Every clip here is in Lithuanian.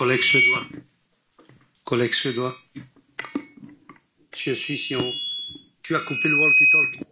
Collègue suédois. Collègue suédois. Monsieur Suission, tu as coupé le walkie-talkie.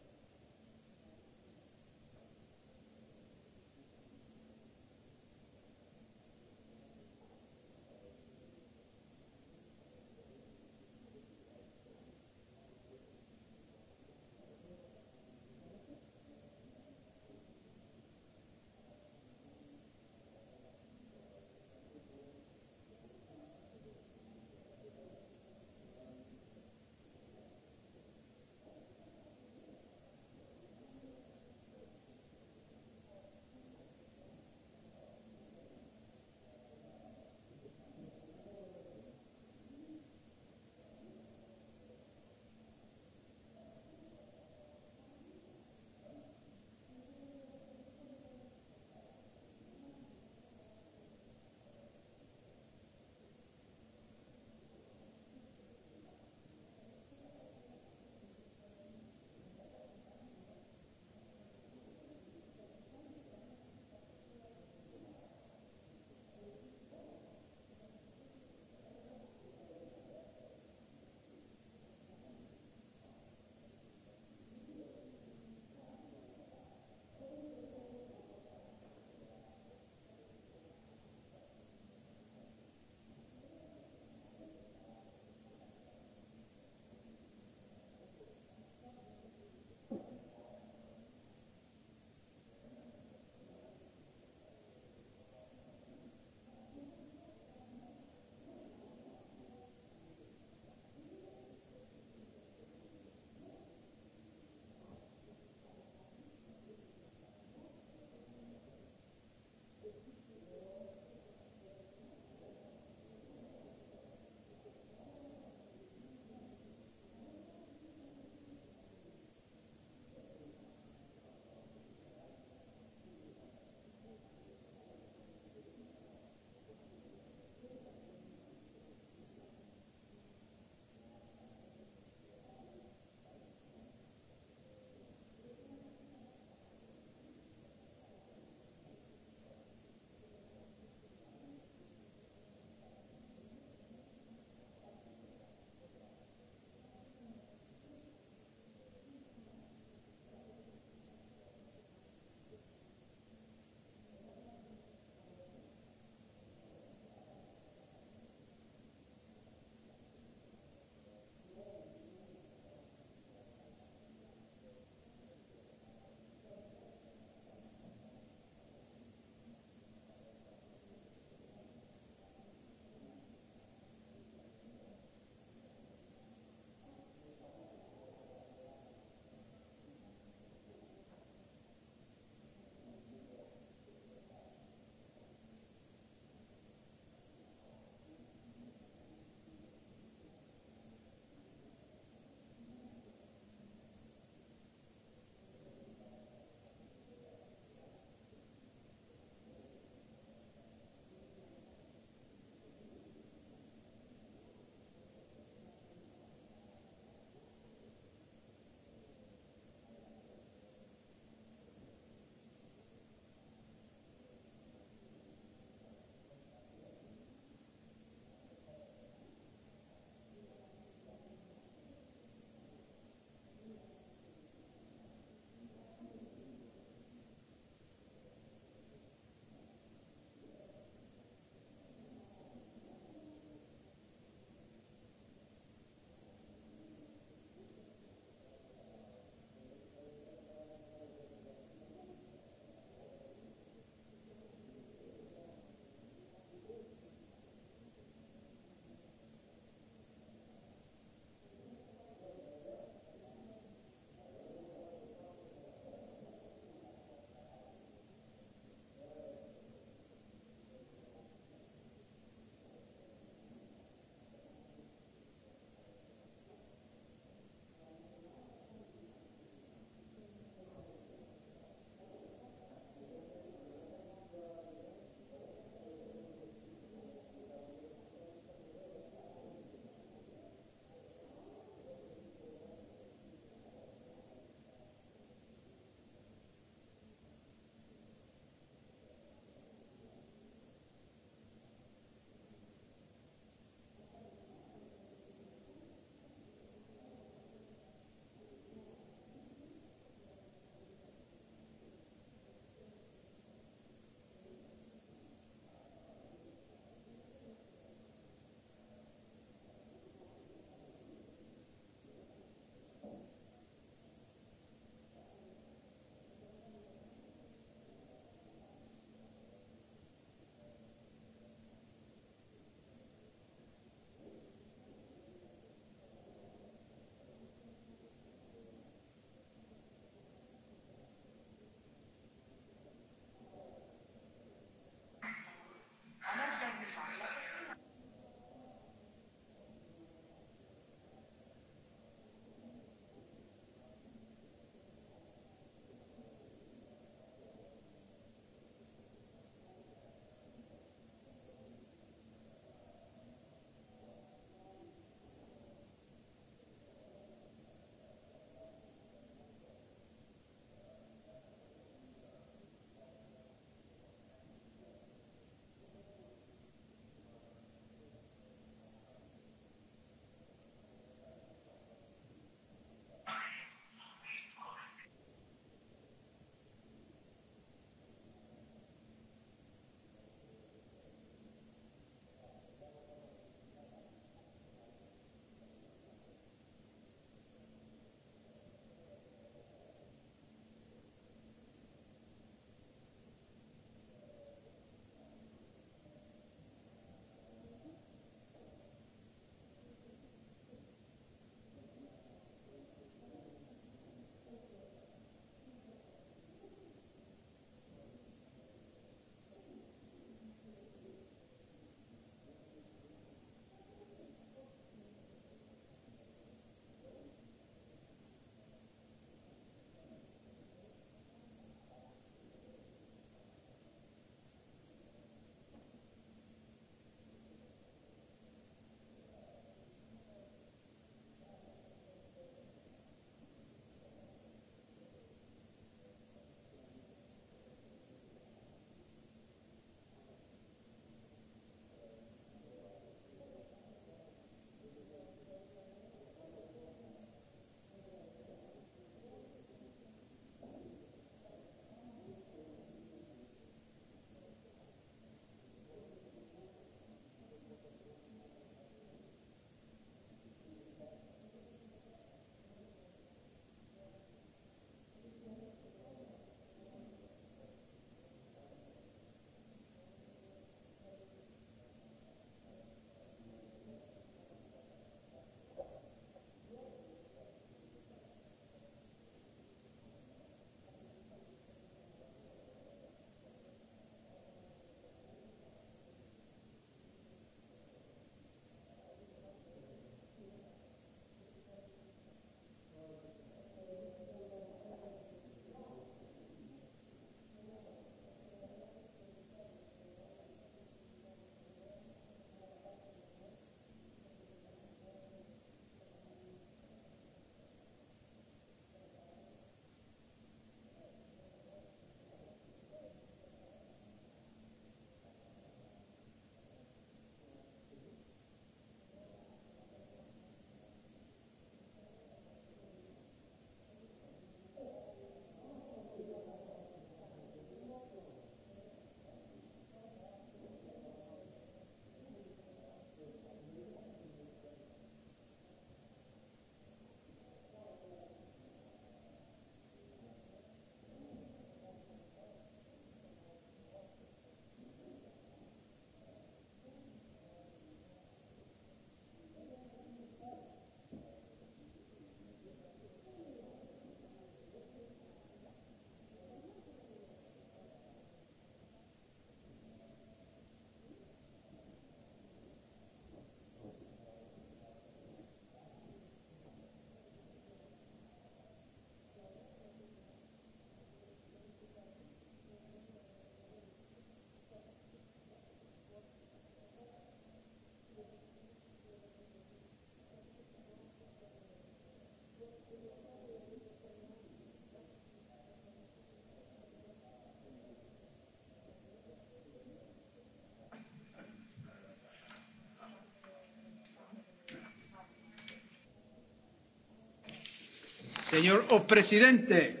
Señor o presidente.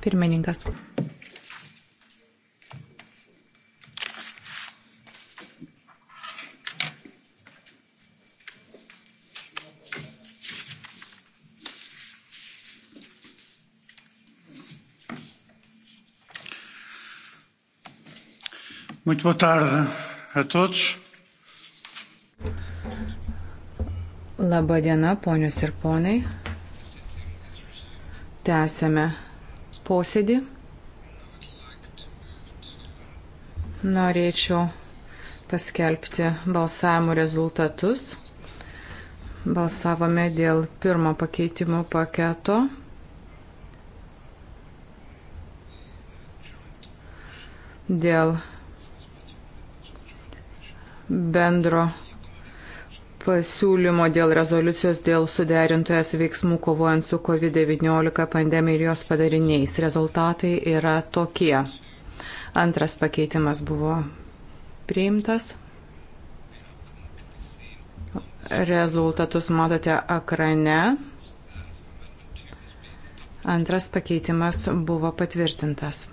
Pirmininkas. Muito boa tarde a todos. Labą dieną, ponios ir ponai. Tęsėme posėdį. Norėčiau paskelbti balsavimo rezultatus. Balsavome dėl pirmo pakeitimų paketo. Dėl bendro pasiūlymo dėl rezoliucijos dėl suderintojas veiksmų kovojant su COVID-19 pandemija ir jos padariniais. Rezultatai yra tokie. Antras pakeitimas buvo priimtas. Rezultatus matote ekrane. Antras pakeitimas buvo patvirtintas.